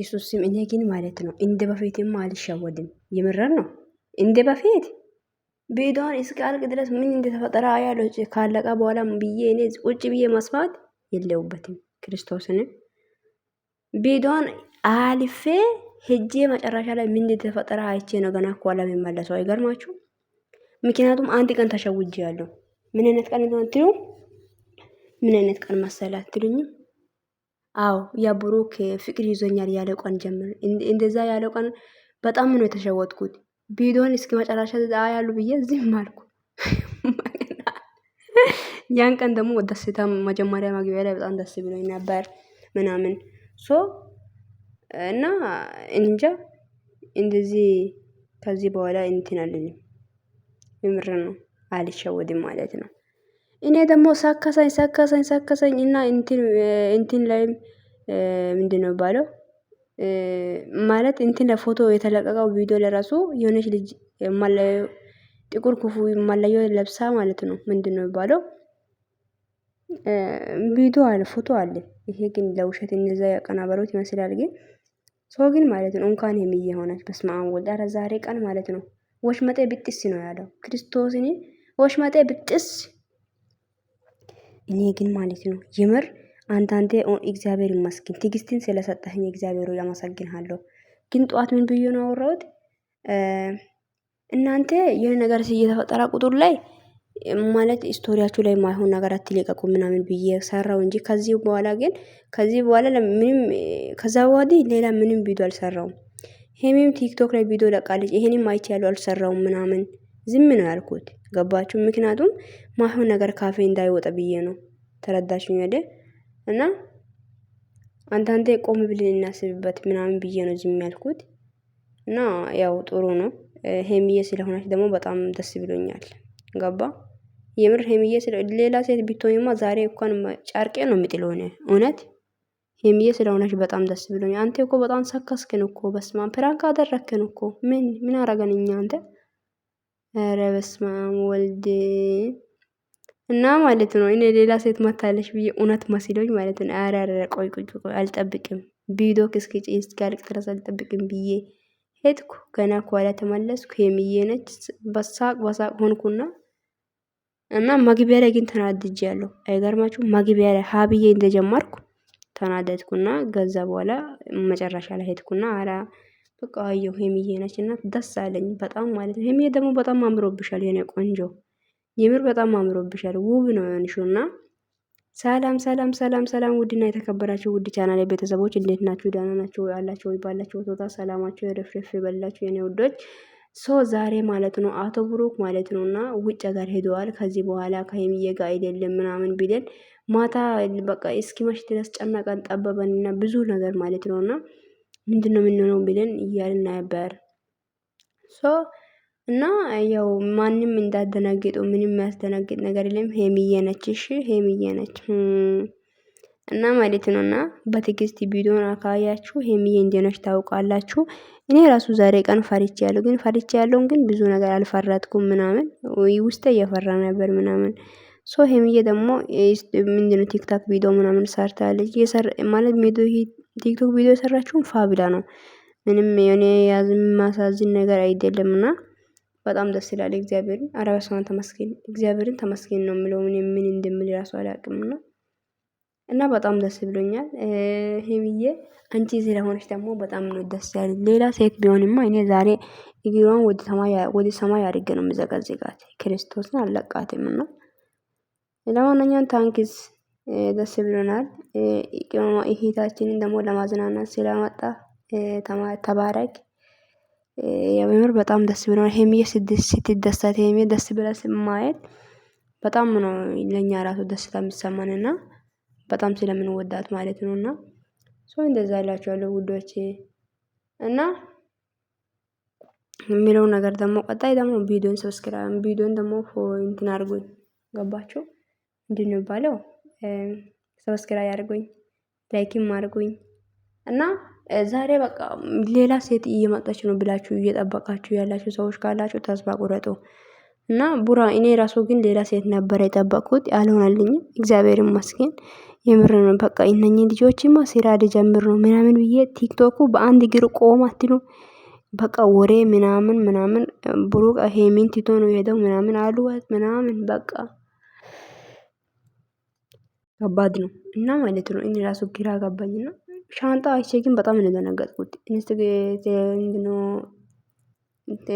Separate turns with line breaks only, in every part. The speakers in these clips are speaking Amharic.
ኢየሱስ ስም እኔ ግን ማለት ነው እንደ በፊትም አልሸወድም። የምረር ነው እንደ በፊት ቤቷን እስከ ድረስ ምን እንደተፈጠረ ያለው ካለቀ በኋላ ብዬ እኔ ቁጭ ብዬ መስፋት የለውበትም። ክርስቶስን ቤዷን አልፌ ሄጄ መጨረሻ ላይ ምን እንደተፈጠረ አይቼ ነው ገና እኮ ለሚመለሰው አይገርማችሁ። ምክንያቱም አንድ ቀን ተሸውጄ ያለው ምን አይነት ቀን ትሉ ምን አይነት ቀን መሰላት ትሉኝም አዎ ያ ብሩክ ፍቅር ይዞኛል ያለ ቀን ጀምር እንደዛ ያለ ቀን በጣም ነው የተሸወጥኩት። ቪዲዮን እስከ መጨረሻ ያሉ ብዬ ዝም አልኩ። ያን ቀን ደግሞ ደስታ መጀመሪያ መግቢያ ላይ በጣም ደስ ብሎኝ ነበር ምናምን ሶ እና እንጃ እንደዚህ ከዚህ በኋላ እንትን አለኝ የምር ነው አልሸወድም ማለት ነው። እኔ ደግሞ ሳካሳኝ ሳካሳኝ ሳካሳኝ እና እንትን እንትን ምንድን ምንድነው ባለው ማለት እንትን ለፎቶ የተለቀቀው ቪዲዮ ለራሱ የሆነች ልጅ ማላዩ ጥቁር ኩፉ ማላዩ ለብሳ ማለት ነው። ነው ባለው ቪዲዮ አለ ፎቶ አለ። ይሄ ግን ለውሸት እነዛ ያቀናበሩት ይመስላል። ግን ሰው ግን ማለት ነው እንኳን የሚየ ሆነች በስመ አብ ዛሬ ቀን ማለት ነው ወሽመጤ ብጥስ ነው ያለው ክርስቶስን ወሽመጤ ብጥስ እኔ ግን ማለት ነው የምር አንዳንዴ እግዚአብሔር ይመስገን ትግስትን ስለሰጠህኝ እግዚአብሔሩ ያመሰግንሃለሁ። ግን ጠዋት ምን ብዬ ነው ያወራሁት? እናንተ ይህ ነገር እየተፈጠረ ቁጥር ላይ ማለት ስቶሪያችሁ ላይ ማይሆን ነገር አትለቀቁ ምናምን ብዬ ሰራው እንጂ ከዚህ በኋላ ግን ከዚህ በኋላ ምንም ከዛ ወዲህ ሌላ ምንም ቪዲዮ አልሰራውም። ሄሚም ቲክቶክ ላይ ቪዲዮ ለቃለች። ይሄንም አይቼ ያለው አልሰራውም ምናምን ዝም ነው ያልኩት። ገባችሁ? ምክንያቱም ማሁ ነገር ካፌ እንዳይወጣ ብዬ ነው። ተረዳችሁኝ አይደል? እና አንዳንዴ ቆም ብለን እናስብበት ምናምን ብዬ ነው ዝም ያልኩት። እና ያው ጥሩ ነው። ሄምዬ ስለሆናች ደግሞ በጣም ደስ ብሎኛል። ገባ? የምር ሄምዬ ሌላ ሴት ቢትሆኝማ ዛሬ እንኳን ጨርቄ ነው የምጥለው እኔ እውነት ሄምዬ ስለሆነች በጣም ደስ ብሎኛል። አንተ እኮ በጣም ሰከስክን እኮ በስማን ፕራንክ አደረክን እኮ ምን ምን አረገን እኛ አንተ ኧረ በስመአብ ወልድ እና ማለት ነው። እኔ ሌላ ሴት መታለች ብዬ እውነት መስሎኝ ማለት ነው። ኧረ ኧረ ቆይ ቆይ ቆይ አልጠብቅም፣ ቪዲዮ እስኪ እስኪያልቅ ድረስ አልጠብቅም ብዬ ሄድኩ። ገና ከኋላ ተመለስኩ። የሚዬ ነች። በሳቅ በሳቅ ሆንኩና እና መግቢያ ላይ ግን ተናድጄ ያለሁ አይገርማችሁ። መግቢያ ላይ ሀብዬ እንደጀመርኩ ተናደድኩና ከዛ በኋላ መጨረሻ ላይ ሄድኩና አራ በቃ አየሁ ሄሚዬ ነች እና ደስ አለኝ በጣም ማለት ነው። ሄሚዬ ደግሞ በጣም አምሮብሻል፣ የኔ ቆንጆ የምር በጣም አምሮብሻል፣ ውብ ነው የሆንሽው እና ሰላም ሰላም ሰላም ሰላም ውድና የተከበራችሁ ውድ ቻናል ቤተሰቦች እንዴት ናችሁ? ደህና ናችሁ ያላችሁ ወይ ባላችሁ ቦታ ሰላማችሁ የረፍረፍ የበላችሁ የኔ ውዶች። ሶ ዛሬ ማለት ነው አቶ ብሩክ ማለት ነው እና ውጭ ጋር ሄደዋል። ከዚህ በኋላ ከሄሚዬ ጋር አይደለም ምናምን ቢለን ማታ በቃ እስኪመሽ ድረስ ጨነቀን ጠበበንና ብዙ ነገር ማለት ነው እና ምንድን ነው የምንሆነው ብለን እያልን ነበር። ሶ እና ያው ማንም እንዳደናግጡ ምንም የሚያስደናግጥ ነገር የለም። ሄምዬ ነች። እሺ ሄምዬ ነች እና ማለት ነው እና በትግስት ቪዲዮን አካባቢያችሁ ሄምዬ እንደነች ታውቃላችሁ። እኔ ራሱ ዛሬ ቀን ፈርቼ ያለው ግን ፈርቼ ያለውን ግን ብዙ ነገር አልፈራትኩም ምናምን ወይ ውስጤ እየፈራ ነበር ምናምን ሶ ሄምዬ ደግሞ ምንድነው ቲክታክ ቪዲዮ ምናምን ሰርታለች ማለት ሜዶ ቲክቶክ ቪዲዮ የሰራችውን ፋብላ ነው። ምንም የሆነ ያዝም ማሳዝን ነገር አይደለም እና በጣም ደስ ይላል። እግዚአብሔርን አረበሷን ተመስገን እግዚአብሔርን ተመስገን ነው የምለው ምን ምን እንደምል ራሱ አላቅም እና እና በጣም ደስ ብሎኛል። ይሄ ብዬ አንቺ ስለሆነች ደግሞ በጣም ነው ደስ ያለ። ሌላ ሴት ቢሆንማ እኔ ዛሬ እግሯን ወደ ሰማይ አድርጌ ነው የምዘጋዘጋት። ክርስቶስን አለቃትም እና ለማንኛውም ታንኪስ ደስ ብሎናል። ቅመማ እህታችንን ደግሞ ለማዝናናት ስለመጣ ተባረክ። የምር በጣም ደስ ብሎናል። ሄሚዬ ስትደሰት ሄሚዬ ደስ ብለህ ማየት በጣም ነው ለእኛ ራሱ ደስታ የሚሰማንና በጣም ስለምንወዳት ማለት እና ሰው እንደዛ እላችኋለሁ ውዶች እና የሚለው ነገር ደግሞ ቀጣይ ደግሞ ቪዲዮን ሰብስክራ ቪዲዮን ደግሞ እንትን አድርጉኝ ገባችሁ እንድንባለው ሰብስክራይብ አድርጉኝ፣ ላይክም አድርጉኝ እና ዛሬ በቃ ሌላ ሴት እየመጣች ነው ብላችሁ እየጠበቃችሁ ያላችሁ ሰዎች ካላችሁ ተስፋ ቁረጡ እና ቡራ እኔ ራሱ ግን ሌላ ሴት ነበረ የጠበቅኩት፣ አልሆነልኝም። እግዚአብሔር ይመስገን። የምር ነው በቃ እነኚህ ልጆችማ ስራ ጀምር ነው ምናምን ብዬ ቲክቶኩ በአንድ እግር ቆም አትሉ በቃ ወሬ ምናምን ምናምን ብሩቅ ሄሚን ቲቶ ነው የሄደው ምናምን አሉዋት ምናምን በቃ ከባድ ነው እና ማለት ነው። እኔ ራሱ ግራ ገባኝ ነው ሻንጣ አይቼ ግን በጣም ነው የደነገጥኩት።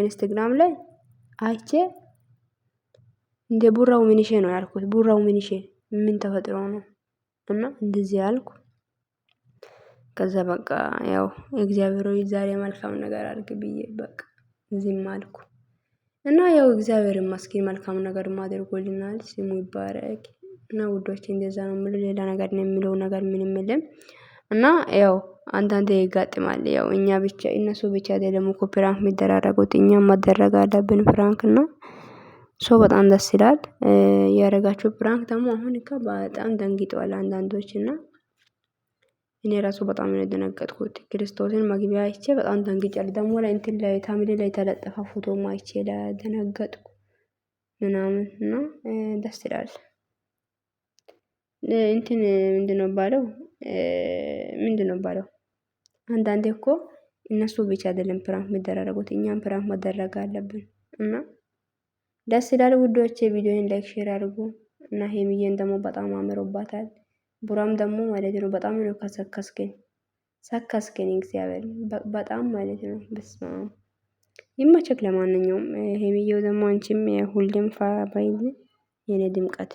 ኢንስታግራም ላይ አይቼ እንደ ቡራው ምንሼ ነው ያልኩት። ቡራው ምንሼ ምን ተፈጥሮ ነው እና እንደዚህ ያልኩ። ከዛ በቃ ያው እግዚአብሔር ሆይ ዛሬ መልካም ነገር አድርግ ብዬ በቃ ዝም አልኩ እና ያው እግዚአብሔር ይመስገን መልካም ነገር አድርጎልናል። ስሙ ይባረክ። እና ውዶቼ እንደዛ ነው የምለው። ሌላ ነገር ነው የምለው ነገር ምንም የለም። እና ያው አንዳንድ ይጋጥማል። ያው እኛ ብቻ እነሱ ብቻ አይደለም እኮ ፕራንክ የሚደራረጉት እኛም ማደረግ አለብን ፕራንክ እና ሶ በጣም ደስ ይላል። ያደረጋችሁ ፕራንክ ደግሞ አሁን እኮ በጣም ደንግጠዋል አንዳንዶች እና እኔ ራሱ በጣም ነው የደነገጥኩት። ክርስቶስን መግቢያ አይቼ በጣም ደንግጫል። ደግሞ ላይ እንትን ላይ ታምሌ ላይ የተለጠፈ ፎቶ አይቼ ለደነገጥኩ ምናምን እና ደስ ይላል እንትን ምንድነው ባለው ምንድነው ባለው አንዳንዴ እኮ እነሱ ብቻ አይደለም ፕራንክ የሚደራረጉት፣ እኛም ፕራንክ መደረግ አለብን። እና ደስ ይላል ውዶች፣ ቪዲዮን ላይክ፣ ሼር አድርጉ እና ሄሚዬን ደግሞ በጣም አምሮባታል። ቡራም ደግሞ ማለት ነው በጣም ነው ከሰከስከኝ ሰከስከኝ እግዚአብሔር በጣም ማለት ነው። በስመ አብ ይመቸክ። ለማንኛውም ሄሚዬው ደግሞ አንቺም ሁሌም ፋ ባይል የኔ ድምቀት